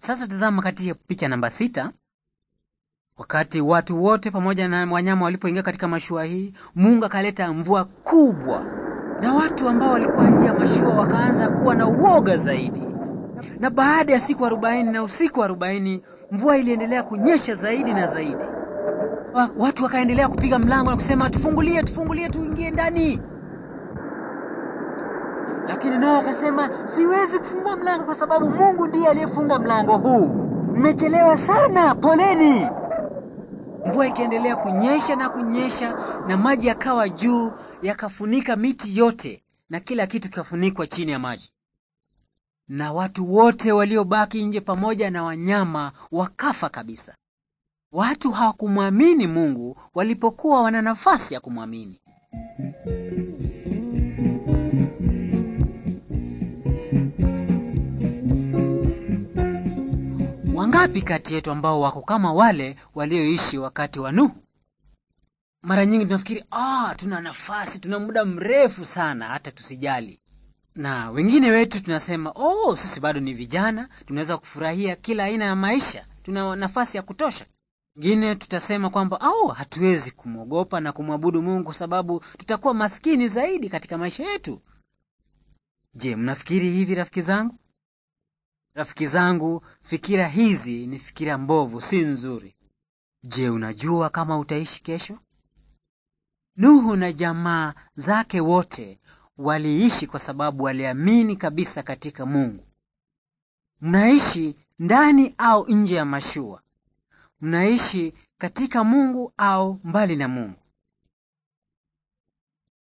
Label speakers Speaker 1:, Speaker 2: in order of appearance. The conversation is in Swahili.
Speaker 1: Sasa tazama katika picha namba sita. Wakati watu wote pamoja na wanyama walipoingia katika mashua hii, Mungu akaleta mvua kubwa, na watu ambao walikuwa nje ya mashua wakaanza kuwa na uoga zaidi. Na baada ya siku arobaini na usiku arobaini mvua iliendelea kunyesha zaidi na zaidi. Watu wakaendelea kupiga mlango na kusema, tufungulie, tufungulie, tuingie ndani. Lakini Noa akasema siwezi kufungua mlango kwa sababu Mungu ndiye aliyefunga mlango huu. Mmechelewa sana, poleni. Mvua ikaendelea kunyesha na kunyesha, na maji yakawa juu, yakafunika miti yote na kila kitu kikafunikwa chini ya maji, na watu wote waliobaki nje pamoja na wanyama wakafa kabisa. Watu hawakumwamini Mungu walipokuwa wana nafasi ya kumwamini. Wangapi kati yetu ambao wako kama wale walioishi wakati wa Nuhu? Mara nyingi tunafikiri ah, tuna nafasi, tuna muda mrefu sana, hata tusijali. Na wengine wetu tunasema oh, sisi bado ni vijana, tunaweza kufurahia kila aina ya maisha, tuna nafasi ya kutosha. Wengine tutasema kwamba oh, hatuwezi kumwogopa na kumwabudu Mungu kwa sababu tutakuwa maskini zaidi katika maisha yetu. Je, mnafikiri hivi rafiki zangu? Rafiki zangu, fikira hizi ni fikira mbovu, si nzuri. Je, unajua kama utaishi kesho? Nuhu na jamaa zake wote waliishi kwa sababu waliamini kabisa katika Mungu. Mnaishi ndani au nje ya mashua? Mnaishi katika Mungu au mbali na Mungu?